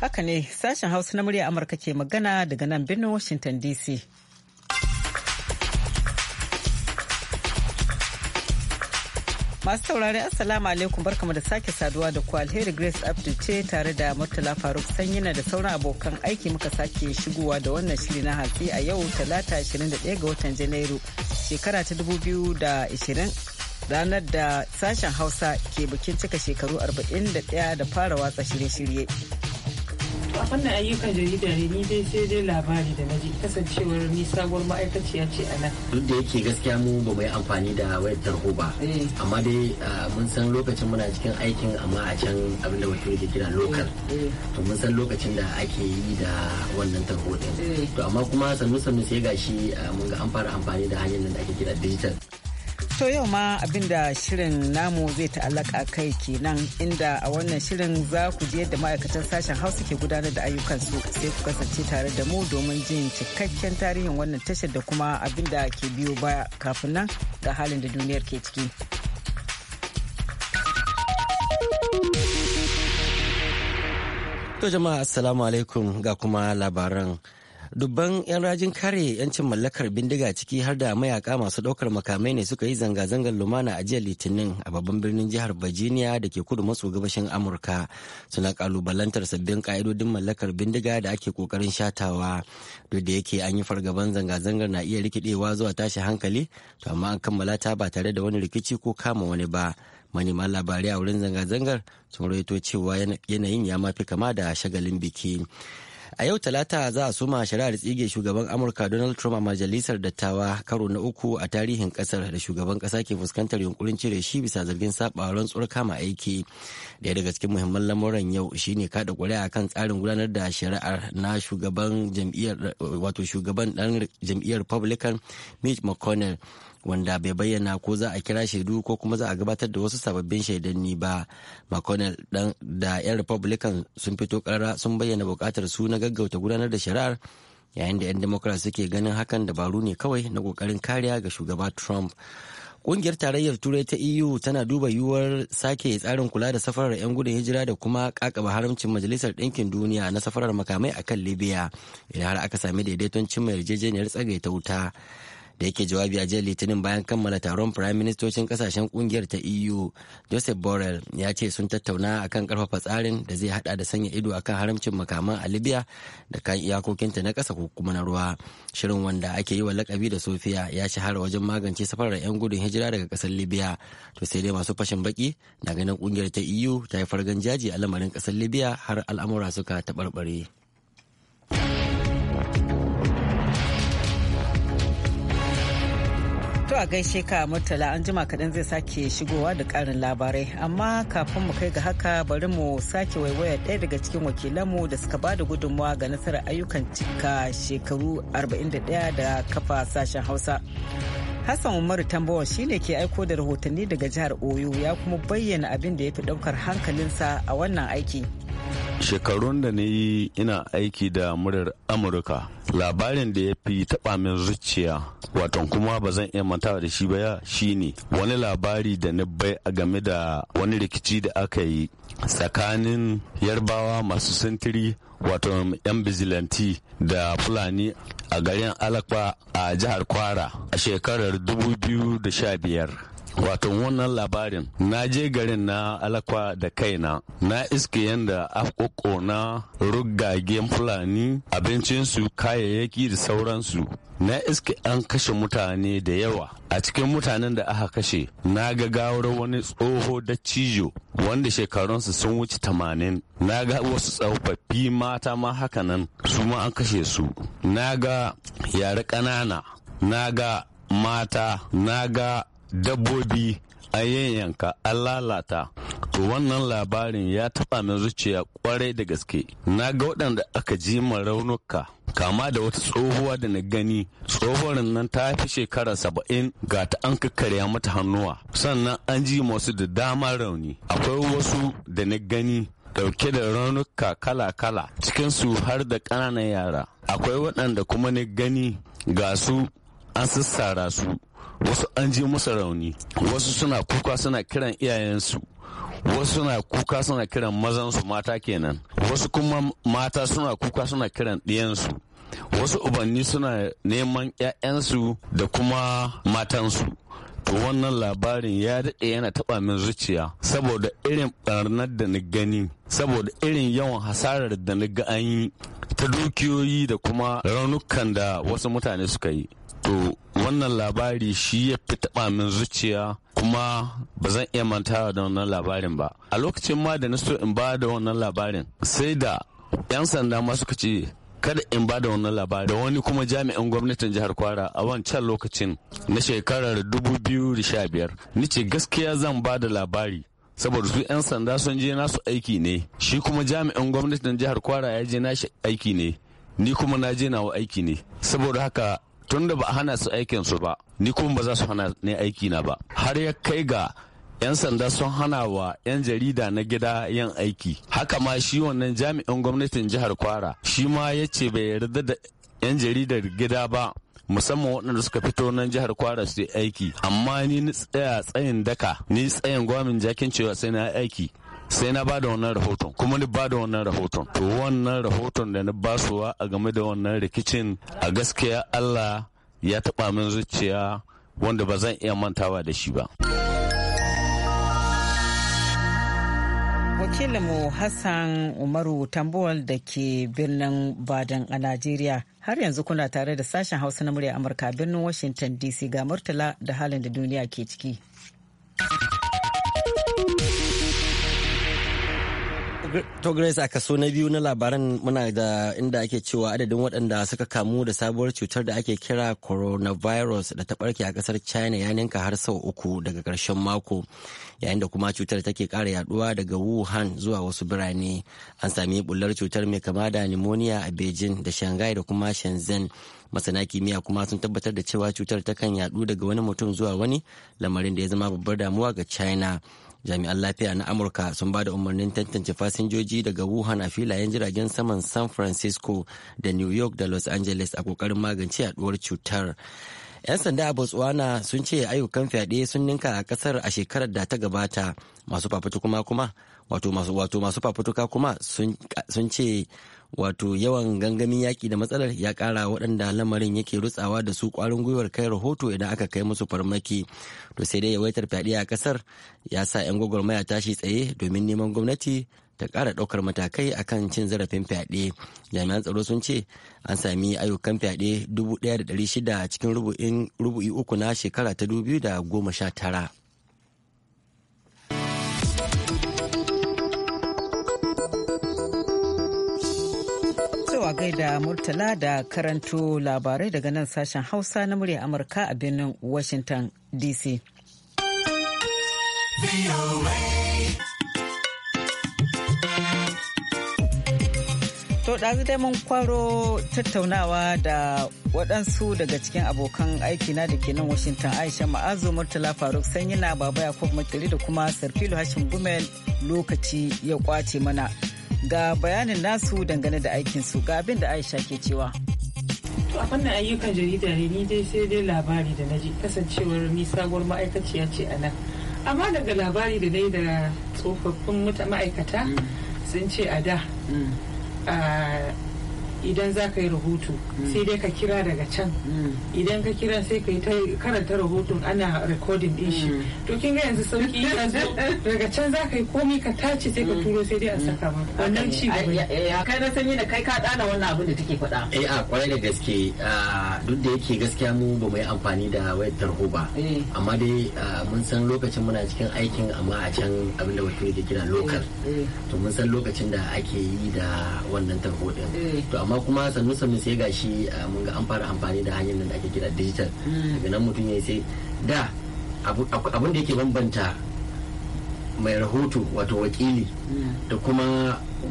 Haka ne sashen Hausa na murya Amurka ke magana daga nan birnin Washington DC. Masu saurari Assalamu alaikum barkamu da sake saduwa da ku alheri Grace Abdu ce tare da Murtala Faruk Sanyina da sauran abokan aiki muka sake shigowa da wannan shiri na hatsi a yau talata 21 ga watan Janairu shekara ta 2020 ranar da sashen hausa ke bikin cika shekaru 41 da fara watsa shirye-shirye wannan ayyukan jarida ne ni dai sai dai labari da naji kasancewar ni sabuwar ma'aikaciya ce a nan duk da yake gaskiya mu ba mu yi amfani da wayar tarho ba eh. amma dai mun san lokacin muna cikin aikin amma a can abinda mutum ke kira lokal eh, eh. to mun san lokacin da ake yi da wannan tarho din to amma kuma sannu sannu sai gashi mun ga an fara amfani da hanyar nan da ake kira digital To yau ma abinda shirin namu zai ta'allaka kai kenan inda a wannan shirin za ku je da ma'aikatan sashen hausa ke gudanar da ayyukan su sai ku kasance tare da mu domin jin cikakken tarihin wannan tashar da kuma abinda ke biyo baya kafin nan ga halin da duniyar ke ciki. To jama'a assalamu alaikum ga kuma labaran. dubban 'yan rajin kare 'yancin mallakar bindiga ciki har da mayaka masu ɗaukar makamai ne suka yi zanga-zangar lumana a jiya litinin a babban birnin jihar virginia da ke kudu maso gabashin amurka suna kalubalantar sabbin ka'idodin mallakar bindiga da ake kokarin shatawa duk da yake an yi fargaban zanga-zangar na iya rikidewa zuwa tashi hankali to amma an kammala ta ba tare da wani rikici ko kama wani ba manema labarai a wurin zanga-zangar sun rawaito cewa yanayin ya mafi kama da shagalin biki A yau Talata za a suma shari'ar tsige shugaban Amurka Donald Trump a majalisar dattawa karo na uku a tarihin kasar da shugaban kasa ke fuskantar yunkurin cire shi bisa zargin sabawa rantsuwar kama aiki. Daya daga cikin muhimman lamuran yau shine kada kuri'a kan tsarin gudanar da shari'ar na shugaban jam'iyyar wato shugaban dan jam'iyyar Republican Mitch McConnell wanda bai bayyana ko za a kira shaidu ko kuma za a gabatar da wasu sababbin shaidanni ba mcconnell dan da 'yan republican sun fito karara sun bayyana bukatar su na gaggauta gudanar da shari'ar yayin da 'yan democrat suke ganin hakan dabaru ne kawai na kokarin kariya ga shugaba trump Ƙungiyar tarayyar Turai ta EU tana duba yiwuwar sake tsarin kula da safarar 'yan gudun hijira da kuma kakaba haramcin Majalisar Ɗinkin Duniya na safarar makamai akan kan Libya idan har aka sami daidaiton cimma yarjejeniyar tsagaita wuta. da yake jawabi a jiya litinin bayan kammala taron firaministocin kasashen kungiyar ta eu joseph borrell ya ce sun tattauna akan karfafa tsarin da zai hada da sanya ido akan haramcin makaman a libya da kan iyakokinta na kasa ko kuma na ruwa shirin wanda ake yi wa lakabi da sofiya ya shahara wajen magance safarar 'yan gudun hijira daga kasar libya to sai dai masu fashin baki na ganin kungiyar ta eu ta yi fargan jaji a lamarin kasar libya har al'amura suka taɓarɓare. To a gaishe ka Murtala an jima kaɗan zai sake shigowa da ƙarin labarai amma kafin mu kai ga haka bari mu sake waiwaya ɗaya daga cikin wakilanmu da suka ba da gudunmawa ga nasarar ayyukan cika shekaru 41 da kafa sashen Hausa. Hassan Umaru Tambawa shine ke aiko da rahotanni daga jihar Oyo ya kuma bayyana abin da ya fi daukar hankalinsa a wannan aiki. Shekarun da na yi ina aiki da murar Amurka labarin da ya fi taba min zuciya watan kuma ba zan iya mantawa da shi ba ya shine wani labari da na bai a game da wani rikici da aka yi tsakanin yarbawa masu sintiri wato 'yan bizilanti da fulani a garin alakwa a jihar kwara a shekarar 2015 wato wannan labarin na je garin na alakwa da kaina na iske yadda afkoko na ruggagen fulani abincinsu kayayyaki da sauransu na iske an kashe mutane da yawa a cikin mutanen da aka kashe na ga gawar wani tsoho da cijo wanda shekarunsu sun wuce tamanin na ga wasu tsofaffi mata ma hakanan su ma an kashe su na ga yare ƙanana na ga mata na ga dabbobi a yanyanka an lalata wannan labarin ya taɓa min zuciya kwarai da gaske na ga waɗanda aka ji ma raunuka kama da wata tsohuwa da na gani tsohuwar nan ta fi shekara saba'in ga ta an kakkarya mata hannuwa sannan an ji masu da dama rauni akwai wasu da na gani dauke da raunuka kala-kala cikinsu har da ƙananan yara akwai waɗanda kuma na gani ga su an sassara su wasu an ji musu rauni wasu suna kuka suna kiran iyayensu wasu suna kuka suna kiran mazansu mata kenan wasu kuma mata suna kuka suna kiran ɗiyansu wasu ubanni suna neman 'ya'yansu da kuma matansu to wannan labarin ya daɗe yana taɓa min zuciya saboda irin ɓarnar da ni gani saboda irin yawan hasarar da ni ga an yi ta dukiyoyi da kuma raunukan da wasu mutane suka yi to wannan labari shi ya fi taba min zuciya kuma ba zan iya mantawa da wannan labarin ba a lokacin ma da na so in ba da wannan labarin sai da 'yan sanda ma suka ce kada in ba da wannan labarin. da wani kuma jami'in gwamnatin jihar kwara a wancan lokacin na shekarar 2015 ni ce gaskiya zan ba da labari saboda su 'yan sanda sun je nasu aiki ne shi kuma jami'in gwamnatin jihar kwara ya je nashi aiki ne ni kuma na je nawa aiki ne saboda haka tunda ba a hana su aikin su ba ni kuma ba za su hana ne aiki na ba har ya kai ga 'yan sanda sun hana wa 'yan jarida na gida yin aiki haka ma shi wannan jami'in gwamnatin jihar kwara shi ma ya ce bai yarda da 'yan jaridar gida ba musamman waɗanda suka fito nan jihar kwara su aiki amma ni tsaya tsayin daka ni tsayin gwamin jakin cewa sai na aiki sai na bada wannan rahoton kuma ni bada wannan rahoton to wannan rahoton da na basuwa a game da wannan rikicin a gaskiya Allah ya taba min zuciya wanda ba zan iya mantawa da shi ba. wakilinmu hassan umaru tambuwal da ke birnin badan a najeriya har yanzu kuna tare da sashen hausa na murya amurka birnin washington dc ga murtala da halin da duniya ke ciki To Grace a kaso na biyu na labaran muna da inda ake cewa adadin waɗanda suka kamu da sabuwar cutar da ake kira coronavirus da ta ɓarke a kasar China ya ninka har sau uku daga ƙarshen mako yayin da kuma cutar take ƙara yaduwa daga Wuhan zuwa wasu birane. An sami bullar cutar mai kama da pneumonia a Beijing da Shanghai da kuma Shenzhen. masana kimiyya kuma sun tabbatar da cewa cutar takan yadu daga wani mutum zuwa wani lamarin da ya zama babbar damuwa ga china jami'an lafiya na amurka sun ba da umarnin tantance fasinjoji daga wuhan a filayen jiragen saman san francisco da new york da los angeles a kokarin magance yaduwar cutar 'Yan sanda a Botswana sun ce ayyukan fyaɗe sun ninka a kasar a shekarar da ta gabata masu fafutuka kuma wato masu wato masu fafutuka kuma sun ce wato yawan gangamin yaƙi da matsalar ya ƙara waɗanda lamarin yake rutsawa da su ƙwarin gwiwar kai rahoto idan aka kai musu farmaki to sai dai yawaitar fyaɗe a ƙasar ya sa 'yan gwagwarmaya tashi tsaye domin neman gwamnati ta kara ɗaukar matakai akan cin zarafin fyaɗe jami'an tsaro sun ce an sami ayyukan fyaɗe 1,600 cikin rubu'i uku na shekara ta 2019 zuwa gaida Murtala da karanto labarai daga nan sashen Hausa na murya Amurka a birnin Washington DC. To ɗazu mun kwaro tattaunawa da waɗansu daga cikin abokan aikina da ke nan Washington Aisha Ma'azu Murtala Faruk sanyi na Baba Yakubu Makiri da kuma Sarfilu Hashim Gumel lokaci ya kwace mana. Ga bayanin nasu dangane da aikinsu ga abin da Aisha ke cewa. a fannin ayyukan jarida ne ni dai sai dai labari da na ji kasancewar ni sabuwar ma'aikaciya ce a nan. Amma daga labari da na yi da tsofaffin ma'aikata mm. sun ce a da mm. 呃 idan za ka yi rahoto sai dai ka kira daga can idan ka kira sai ka yi ta karanta rahoton ana recording din shi to kin ga yanzu sauki ya zo daga can za ka yi komi ka tace sai ka turo sai dai a saka ma wannan ci gaba kai na sanyi da kai ka dana wannan abin da take faɗa eh a kwarai da gaske duk da yake gaskiya mu ba mu yi amfani da wayar tarho ba eh. amma dai mun san lokacin muna cikin aikin amma a can abin da wato yake kira local eh, eh. to mun san lokacin da ake yi da wannan tarho din to amma kuma sannu sannu sai shi ah, mun ga an fara amfani da hanyar nan da ake kira digital hmm. daga nan mutum ya sai da abin da yake bambanta mai rahoto wato wakili hmm. da kuma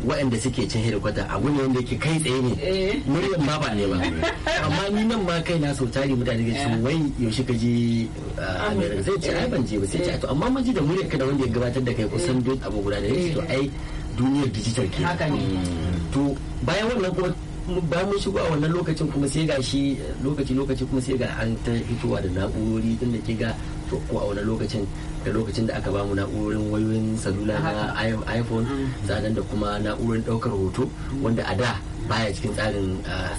waɗanda suke cin hedikwata abu ne wanda yake kai tsaye ne eh. muryan ba ba ne ba amma ni nan ma kai na sau tari mutane ga ce eh. wai yaushe ka je ah, america sai ce ai ban je ba sai ce to amma mun ji da muryar ka da wanda ya gabatar da kai eh. kusan duk abu guda da yake to ai duniyar digital ke hmm. to bayan wannan kuma ba mun shigo a wannan lokacin kuma sai ga shi lokaci lokaci kuma sai ga an ta fitowa da na'urori din da ke ga to ko a wannan lokacin da lokacin da aka bamu na'urorin wayoyin salula na iphone zanen mm. da kuma na'urorin daukar hoto mm. wanda a da baya cikin tsarin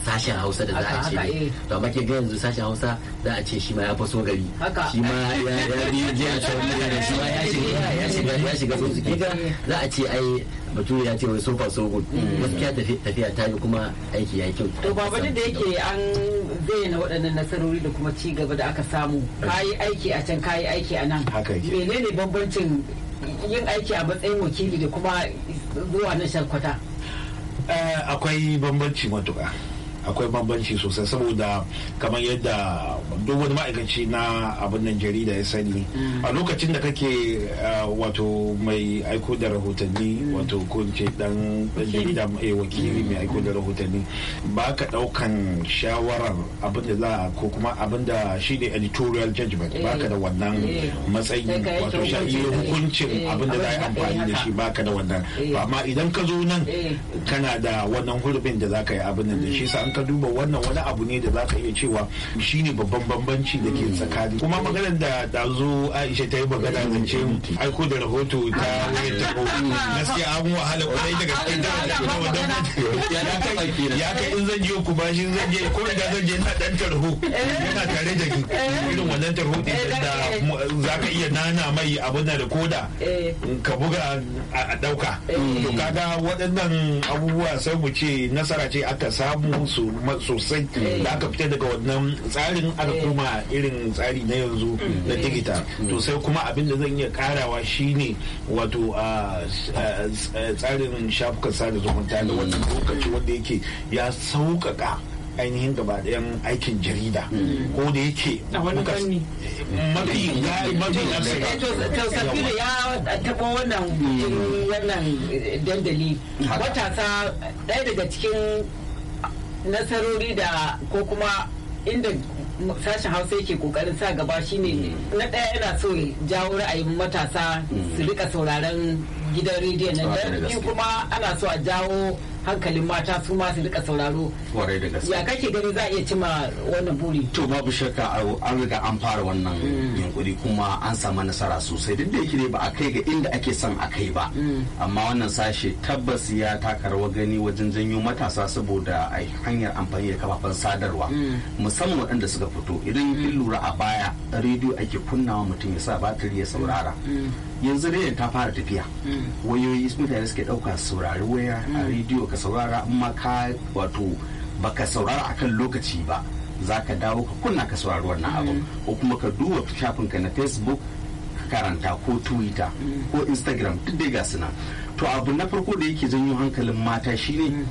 sashen hausa da za a ce eh. to amma ke ga yanzu sashen hausa za a ce shi ma ya faso gari shi ma ya ya biyu jiya shi ma ya shiga ya shiga ya shiga za a ce ai batu ya ce wai sofa so good mm. gaskiya tafiya ta yi kuma aiki ya kyau to baba da yake an zayyana waɗannan nasarori da kuma ci gaba da aka samu kayi aiki a can kayi aiki a nan menene bambancin yin aiki a matsayin wakili da kuma zuwa na shakwata eh, akwai bambanci matuƙa akwai bambanci sosai saboda kamar yadda duk wani ma'aikaci na abin nan jarida ya sani mm. a lokacin da kake eh, wato mai aiko da rahotanni mm. wato ko ce dan jarida mai eh, wakili mai aiko da mm. rahotanni ba ka daukan shawarar abin da za ko kuma abin da shi ne editorial judgment ba ka da eh. wannan matsayi wato sha'i hukuncin abin da za a yi amfani da shi ba ka da wannan Ba amma idan ka zo nan kana da wannan hurbin da za ka yi abin da shi sa an ka duba wannan wani abu ne da za ka iya cewa shine babban bambanci da ke tsakani kuma maganar da zo aisha ta yi magana ce aiko da rahoto ta wayar ko gaskiya an wahala kwarai daga cikin da ya kai in zan je ku shi zan je ko da zan je na dan tarho yana tare da irin wannan tarho din da eh, za ka iya nana mai abin da koda ka buga a dauka to eh. kaga waɗannan abubuwa sai mu ce nasara ce aka samu su sosai eh. da aka fita daga wannan tsarin aka eh. koma irin tsari na yanzu mm. na digita to mm. sai kuma abin da zan iya karawa shine wato tsarin shafukan sada zumunta da wannan mm. lokaci wanda yake ya sauƙaƙa ainihin gaba ɗayan aikin jarida ko da yake a wani fanni mafi mafi to ya taɓo wannan wannan dandali matasa ɗaya daga cikin nasarori da ko kuma inda sashen hausa yake kokarin sa gaba shine na ɗaya yana so jawo ra'ayin matasa su rika sauraron gidan rediyon na kuma ana so a jawo hankalin mata su ma su rika sauraro ya kake gani za a iya cima wannan buri to babu shakka an riga an fara wannan hmm. yunkuri kuma an samu nasara sosai duk da yake ne ba a kai ga inda ake son a kai ba hmm. amma wannan sashe tabbas ya taka rawa gani wajen janyo matasa saboda a hanyar amfani da kafafen sadarwa hmm. musamman waɗanda suka fito idan kin lura a baya rediyo ake kunnawa mutum ya sa batiri ya saurara yanzu dai ta fara tafiya hmm. wayoyi mutane suke ɗauka saurari waya a hmm. rediyo ka saurara amma ka wato baka saurara a kan lokaci ba za ka dawo ka kunna ka saurari wannan abu hmm. ko kuma ka duba shafin shafinka na facebook karanta ko twitter ko instagram duk dai ga suna to abu na farko da yake janyo hankalin mata shine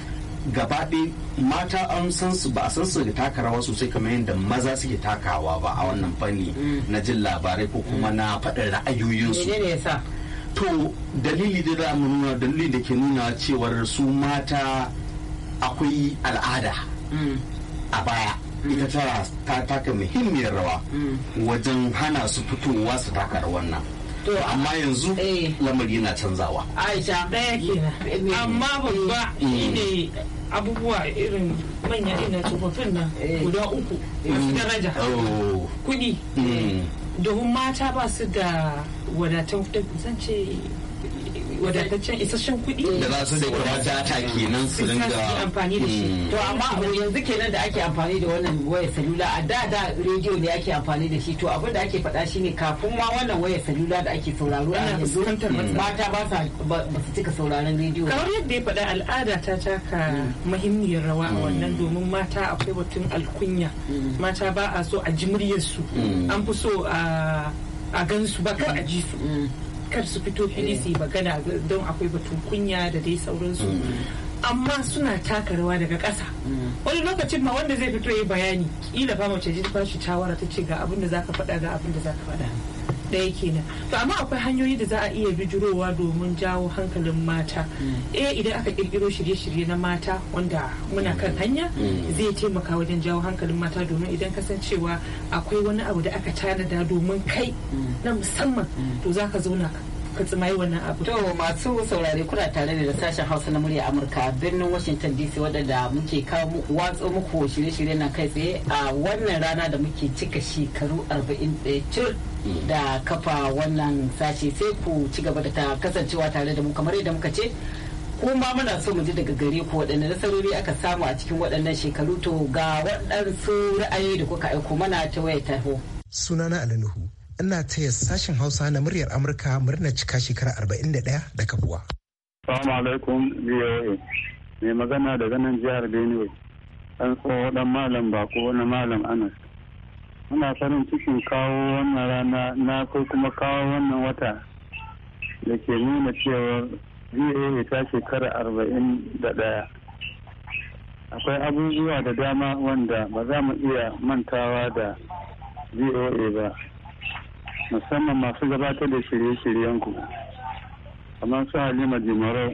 gabaɗe mata an san su ba a san su da taka rawa sosai kamar yadda maza suke takawa ba a wannan fanni mm. na jin labarai ko kuma mm. na faɗin ra'ayoyinsu to dalili da za mu nuna dalili da ke nuna cewar su mata akwai al'ada mm. a baya ita ta taka muhimmiyar rawa wajen hana su fitowa su taka rawan nan to amma yanzu eh. lamari yana canzawa aisha ɗaya kenan amma babba ne. abubuwa irin manya ina tsofaffin nan eh. guda uku mm. masu daraja oh. kuɗi mm. domin mata ba su da wadatan zan ce wadataccen isasshen kuɗi da za su da kuma data kenan su dinga amfani da shi mm. to amma yanzu kenan da ake amfani da wannan wayar salula a da da rediyo ne ake amfani da shi to abin da ake faɗa shine kafin ma wannan wayar salula da ake sauraro a yanzu mata ba sa ba su cika sauraron rediyo kamar yadda ya faɗa al'ada ta taka mm. muhimmiyar rawa a wannan mm. domin mata akwai batun alkunya mata ba a so a ji muryarsu an fi so a gansu ba ka a ji su kar su fito fili su yi magana don akwai batun kunya da dai sauransu mm. amma suna taka rawa daga ƙasa mm. wani lokacin ma wanda zai fito yi bayani kila ba mace ji ta shi shawara ta ce ga abinda da zaka faɗa ga abin da ka faɗa daya kenan to amma akwai hanyoyi da za a iya bijirowa domin jawo hankalin mata mm. eh idan aka kirkiro shirye-shirye na mata wanda muna kan mm. hanya mm. zai taimaka wajen jawo hankalin mata domin idan kasancewa akwai wani abu da aka tanada domin kai na musamman to za ka zauna kutsimai wannan abu. To masu saurare kuna tare da sashen Hausa na murya Amurka birnin Washington DC wadanda muke kawo watsa muku shirye-shirye na kai tsaye a wannan rana da muke cika shekaru 41 cir da kafa wannan sashe sai ku ci gaba da ta kasancewa tare da mu kamar yadda muka ce kuma muna so mu ji daga gare ku waɗanne nasarori aka samu a cikin waɗannan shekaru to ga waɗansu ra'ayoyi da kuka aiko mana ta waya taho. Sunana Alinuhu. ina taya sashen hausa na muryar amurka murna cika shekara 41 da kafuwa salamu alaikum voa mai magana daga nan jihar benue an tsawo dan malam bako na malam anas muna farin cikin kawo wannan rana na ko kuma kawo wannan wata da ke nuna cewa voa ta shekara arba'in da ɗaya akwai abubuwa da dama wanda ba za mu iya mantawa da voa ba musamman masu gabatar da shirye-shiryenku kamar su halima jimarau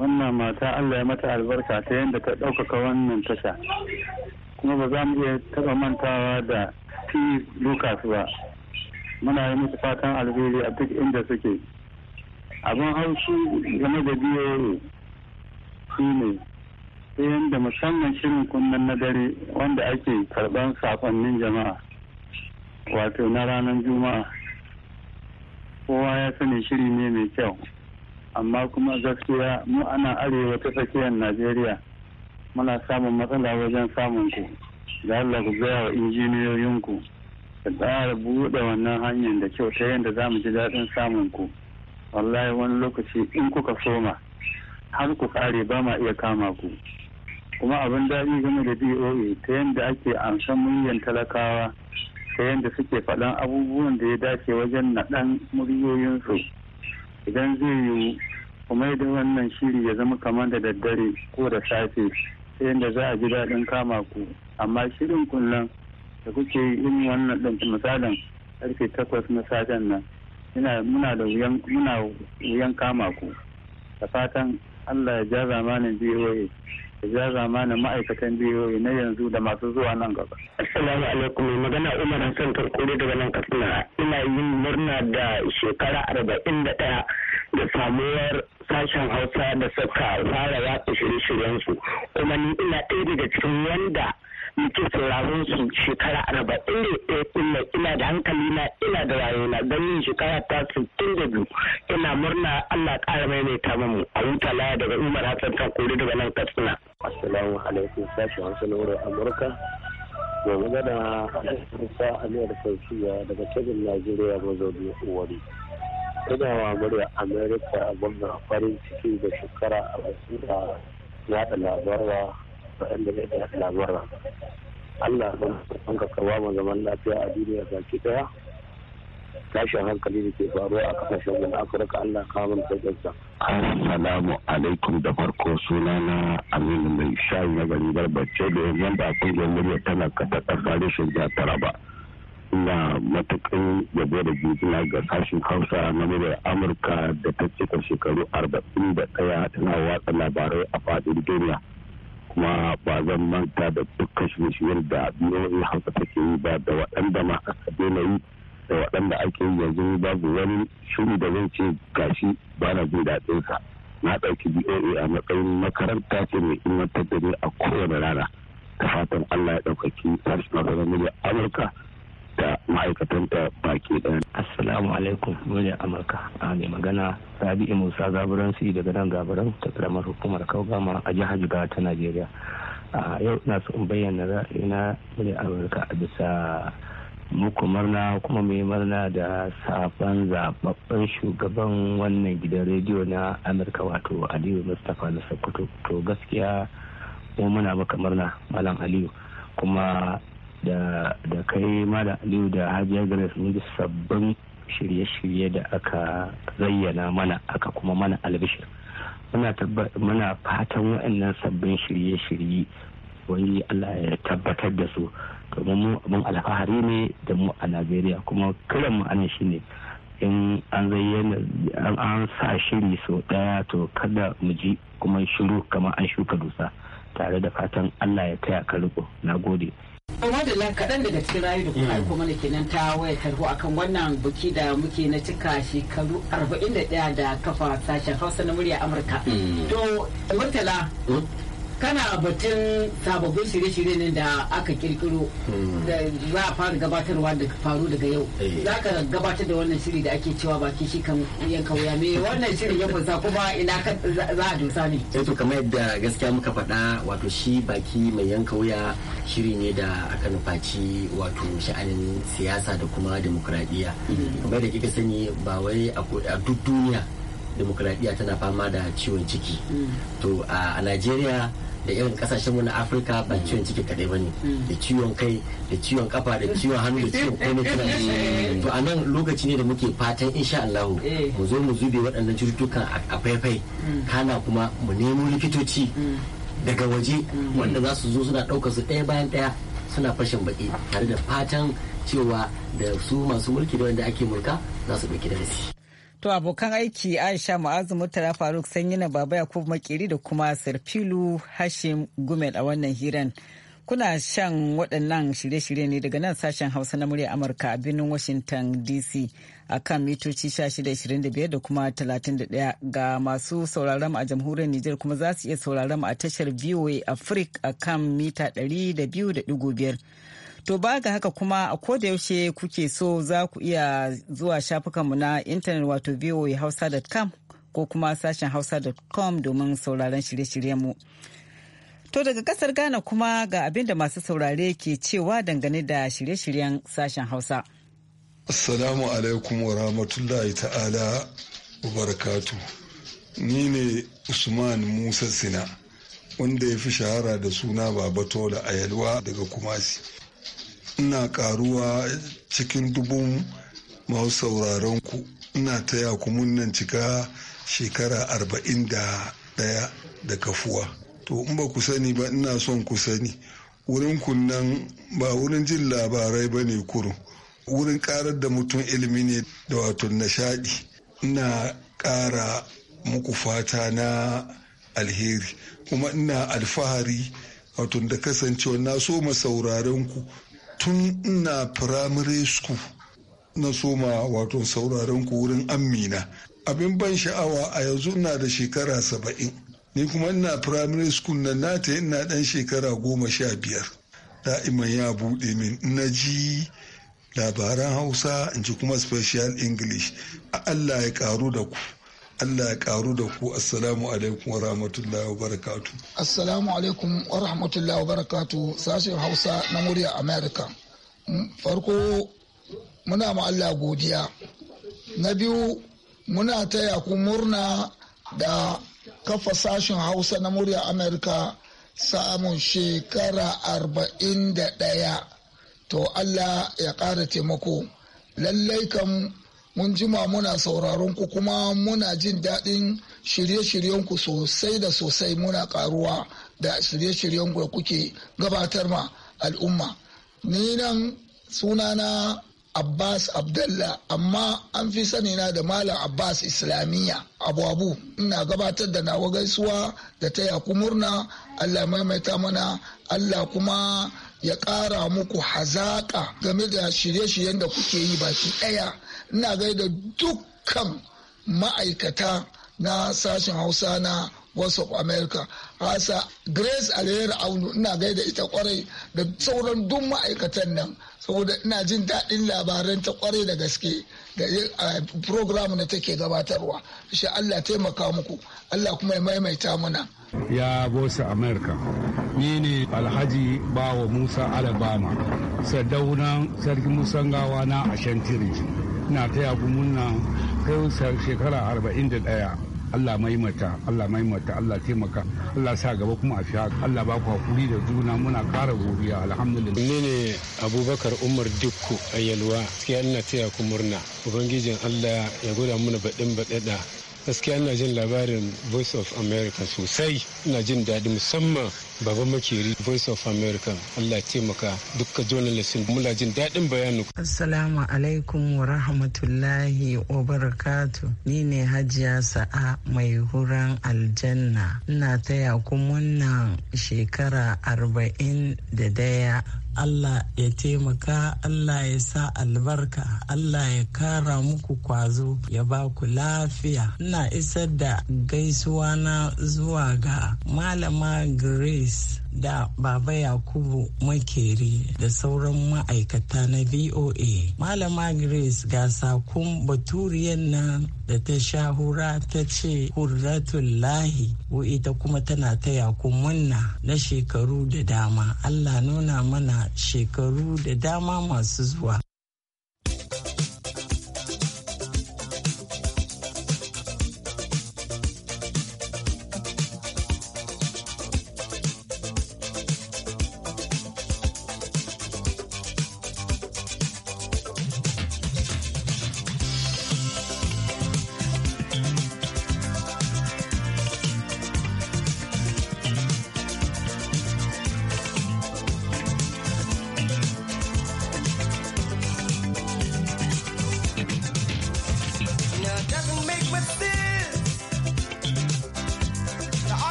wannan mata allah ya mata albarka ta yadda ta ɗaukaka wannan tasha kuma ba za mu iya taɓa mantawa da t lucas ba muna yi musu fatan alheri a duk inda suke abin haushi game da biyo shi ne ta yadda musamman shirin kunnen na dare wanda ake karɓar sakonnin jama'a wato na ranar juma'a kowa ya sani shiri ne mai kyau amma kuma gaskiya mu ana arewa ta tsakiyar najeriya muna samun matsala wajen samun ku da allah ku gaya wa injiniyoyinku da tsara buɗe wannan hanyar da kyau ta yadda za mu ji daɗin samun ku wallahi wani lokaci in kuka soma har ku kare ba ma iya kama ku kuma abin daɗi game da doa ta yadda ake amsan muryan talakawa ta yadda suke faɗan abubuwan da ya dace wajen naɗan muryoyinsu idan zai yiwu kuma da wannan shiri ya zama kamar da daddare ko da safe ta yadda za a ji daɗin kama ku amma shirin kunnan da kuke yin wannan ɗin misalin karfe takwas na safen nan muna da wuyan kama ku da fatan allah ya ja zamanin biyu ya zama na ma'aikatan biyoyi na yanzu da masu zuwa nan gaba. Assalamu alaikum magana Umar Hassan Tarkore daga nan Katsina. Ina yin murna da shekara arba'in da ɗaya da samuwar sashen Hausa da suka fara watsa shirye-shiryensu. Kuma ni ina ɗaya daga cikin wanda nake sauraron su shekara arba'in da ɗaya ɗin ina da hankali na ina da rayuwa don yin shekara ta sittin da biyu ina murna Allah ƙara ta mamu a huta laya daga Umar Hassan kan kore daga nan Katsina. Assalamu alaikum sashi Hausa na wurin Amurka. Mai magana Musa miyar Saukiya daga cikin Najeriya biyu Uwari. Ina wa murya Amerika gwamna farin ciki da shekara a wasu da yaɗa labarwa waɗanda zai da labarin Allah ban ka kawo mu zaman lafiya a duniya baki daya tashin hankali da ke faruwa a kasashen wani afirka allah kamun sauƙinsa. assalamu alaikum da farko suna na aminu mai shayi na gari barbace da yin ba kungiyar murya tana kata ƙasa rashin ja taraba ina matuƙin yabo da jijina ga sashen hausa na muryar amurka da ta cika shekaru arba'in da ɗaya tana watsa labarai a faɗin duniya kuma ba zan manta da dukkan shirye-shiryen da biyoyi hausa take yi ba da waɗanda ma aka daina yi da waɗanda ake yi yanzu babu wani shuni da zan ce gashi ba na jin daɗin sa na ɗauki boa a matsayin makaranta ce mai ilmantar da ni a kowane rana ta fatan allah ya ɗaukaki sashen masarar amurka ta ma'aikatanta baki ɗaya. Assalamu alaikum muryar Amurka a mai magana Rabi'u Musa Gaburansi daga nan gabaran ta karamar hukumar Kaugama a jihar Jigawa ta Najeriya. A yau ina so in bayyana ra'ayina muryar Amurka a bisa muku murna kuma mai murna da sabon zababben shugaban wannan gidan rediyo na Amurka wato Aliyu Mustapha na Sokoto. To gaskiya mu muna maka murna Malam Aliyu kuma da da kai mada aliyu da hajiya grace mun ji sabbin shirye-shirye da aka zayyana mana aka kuma mana albishir muna fatan waɗannan sabbin shirye-shirye wani allah ya tabbatar da su domin mu abin alfahari ne da mu a najeriya kuma kiran mu shi shine in an zayyana an sa shiri sau ɗaya to kada mu ji kuma shiru kamar an shuka dusa tare da fatan allah ya taya ka riko na gode amma da kaɗan daga cikin rayu da kuma hmm. aiko mana kenan ta waya tarho akan wannan buki da muke na cika shekaru 41 da kafa sashen hausa na murya amurka hmm. to murtala hmm? kana batun sababbin shirye-shirye ne da aka kirkiro hmm. da za a fara gabatarwa da faru daga yau eh. za ka gabatar da wannan shiri da ake cewa baki shi kan yanka wuya me wannan shirin ya kunsa kuma ina za a dosa ne eh to kamar yadda gaskiya muka faɗa wato shi baki mai yanka wuya shiri ne da aka nufaci wato sha'anin siyasa da kuma demokradiyya hmm. kamar da kika sani ba wai a duk duniya demokradiyya tana fama da ciwon ciki hmm. to a najeriya da irin kasashenmu na afirka ba ciwon ciki kadai ba ne mm. da ciwon kai da ciwon kafa da ciwon hannu da ciwon komai tana to a nan lokaci ne da muke fatan insha Allah eh. mu zo mu zube waɗannan cututtukan a faifai mm. kana kuma mu nemo likitoci mm. daga waje wanda za su zo suna ɗaukar su ɗaya bayan ɗaya suna fashin baki tare da fatan cewa da su masu mulki da wanda ake mulka za su ɗauki darasi. To abokan aiki Aisha Ma'azu Murtala Faruk Sanyina Baba Yakubu maƙeri da kuma sirfilu Hashim Gumel a wannan hiran. Kuna shan waɗannan shirye-shirye ne daga nan sashen Hausa na murya Amurka a birnin Washington DC a kan mitoci 1625 da kuma 31 ga masu sauraron a jamhuriyar Nijar kuma za su iya sauraron a tashar VOA Africa a kan mita 200.5. To ba ga haka kuma a koda yaushe kuke so za ku iya zuwa shafukanmu na intanet wato voahausa.com ko kuma sashen hausa.com domin sauraron shirye-shiryenmu. To daga kasar Ghana kuma ga abin da masu saurare ke cewa dangane da shirye-shiryen sashen Hausa. Assalamu alaikum wa rahmatullahi ta'ala barakatu. Ni ne Usman Musa Sina wanda ya fi shahara da suna Babatola a Yalwa daga Kumasi. ina karuwa cikin dubun masu sauraron ku ina taya ku munnan cika shekara arba'in da daya da kafuwa to in ba ku sani ba ina son ku sani wurin kunnan ba wurin jin labarai ba ne kurun wurin karar da mutum ilimi ne da wato nishadi ina kara muku fata na alheri kuma ina alfahari wato da kasancewa na so ma sauraren ku tun ina primary school na soma wato sauraron wurin amina abin ban sha'awa a yanzu ina da shekara saba'in ni kuma ina primary school na nata ina dan shekara goma sha biyar da'iman ya buɗe min na ji labaran hausa in ji kuma special english a allah ya karu da ku Allah ya karu da ku assalamu alaikum wa rahmatullahi wa barakatu. Assalamu alaikum wa rahmatullahi wa barakatu sashen Hausa na murya Amerika. Mm, farko muna ma Allah godiya. Na biyu muna taya ku murna da kafa sashen Hausa na murya Amerika samun shekara arba'in da ɗaya. To Allah ya ƙara taimako. Lallai kam mun jima muna sauraron ku kuma muna jin daɗin shirye-shiryenku sosai da sosai muna karuwa da shirye-shiryenku da kuke gabatar ma al'umma ni nan sunana Abbas Abdalla amma an fi sanina da Malam Abbas Islamiyya abubu ina gabatar da nawa gaisuwa da taya ku murna Allah maimaita mana Allah kuma ya ƙara muku hazaƙa game da shirye-shiryen da kuke yi baki ɗaya ina gaida dukkan ma'aikata na sashen hausa na voice of america hasa grace alayyar aunu ina gaida ita kwarai da sauran duk ma'aikatan nan saboda ina jin daɗin labaran ta kwarai da gaske da program na take gabatarwa shi allah taimaka muku allah kuma ya maimaita mana ya bosa america ni ne alhaji bawa musa alabama sadaunan sarki Ngawa na ashantiri na taya ku murna kai shekara ɗaya. Allah maimata Allah maimata Allah taimaka Allah sa gaba kuma a fiya Allah ba ku hakuri da juna muna kara godiya alhamdulillah ni ne Abubakar Umar Dukku a Yalwa gaskiya ina taya ku murna ubangijin Allah ya gwada mana baɗin baɗaɗa gaskiya ina jin labarin Voice of America sosai ina jin daɗi musamman Baban Makeri, Voice of America, Allah ya taimaka dukkan journalistin muna jin daɗin bayanu. Assalamu alaikum wa rahmatullahi wa barakatu. Ni ne Hajiya Sa'a mai huran aljanna. Ina taya ku munnan shekara arba'in da daya Allah ya taimaka, Allah ya sa albarka, Allah ya kara muku kwazo, ya ba ku lafiya. Ina isar da gaisuwa na zuwa ga Malama Grace da baba yakubu makeri da sauran ma'aikata na voa malama grace ga sakon baturiyan nan da ta shahura ta ce hurratullahi ko ita kuma tana ta yakun munna na shekaru da dama allah nuna mana shekaru da dama masu zuwa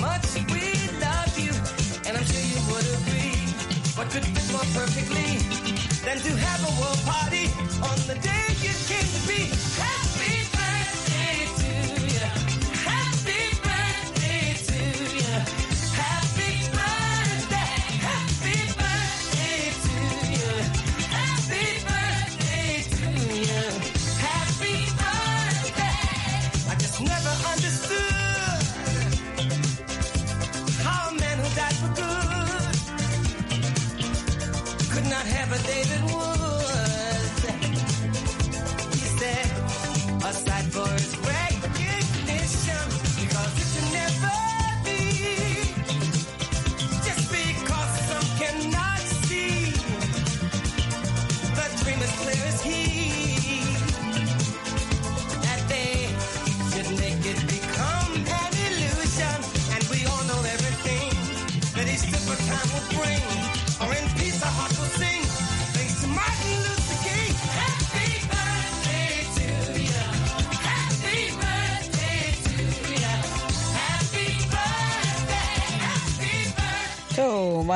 much we love you, and I'm sure you would agree. What could fit more perfectly than to have a world party on the day you came to be?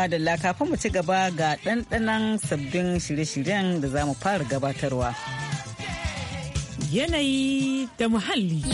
madalla kafin mu ci gaba ga ɗanɗanan sabbin shirye-shiryen da za mu fara gabatarwa. Yanayi da muhalli.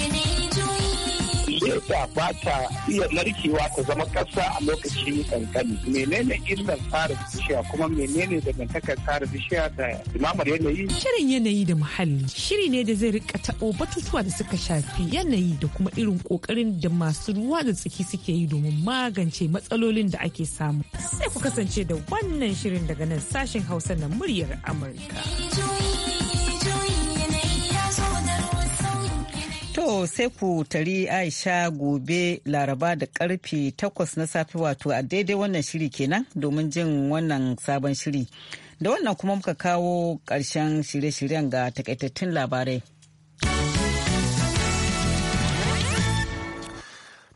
yasa ba ta iya narkewa ta zama ƙasa a lokacin kankani menene illan tsara bishiya kuma menene dangantakar tsara bishiya da imamar yanayi shirin yanayi da muhalli shiri ne da zai rika taɓo batutuwa da suka shafi yanayi da kuma irin ƙoƙarin da masu ruwa da tsaki suke yi domin magance matsalolin da ake samu sai ku kasance da wannan shirin daga nan sashen hausa na muryar amurka. sai ku tari Aisha gobe Laraba da karfe takwas na safe wato a daidai wannan shiri kenan domin jin wannan sabon shiri. Da wannan kuma muka kawo karshen shirye-shiryen ga takaitattun labarai.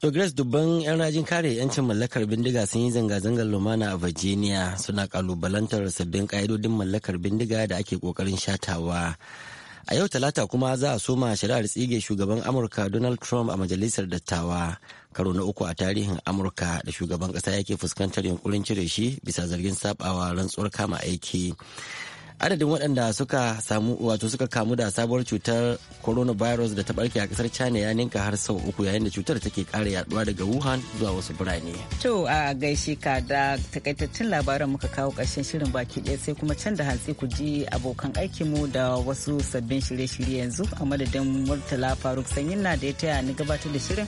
To dubban 'yan rajin kare 'yancin mallakar bindiga sun yi zanga-zangar lumana a Virginia suna kalubalantar sabbin ƙa'idodin mallakar bindiga da ake kokarin shatawa. a yau talata kuma za a soma shari'ar tsige shugaban amurka donald trump a majalisar dattawa karo na uku a tarihin amurka da shugaban kasa yake fuskantar yunkurin cire shi bisa zargin sabawa rantsuwar kama aiki adadin waɗanda suka samu wato suka kamu da sabuwar cutar coronavirus da ta barke a kasar china ya ninka har sau uku yayin da cutar take ƙara yaduwa daga wuhan zuwa wasu birane to a gaishe ka da takaitattun labaran muka kawo ƙarshen shirin baki ɗaya sai kuma can da hantsi ku ji abokan aikinmu da wasu sabbin shirye-shirye yanzu a madadin murtala faruk sanyin na da ya taya ni gabatar da shirin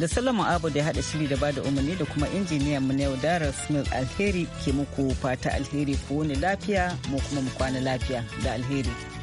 da Salama Abu da haɗa shiri da bada umarni da kuma injiniyan mu na yau Dara Smith Alheri ke muku fata alheri ko wani lafiya mu kuma mu kwana lafiya da alheri.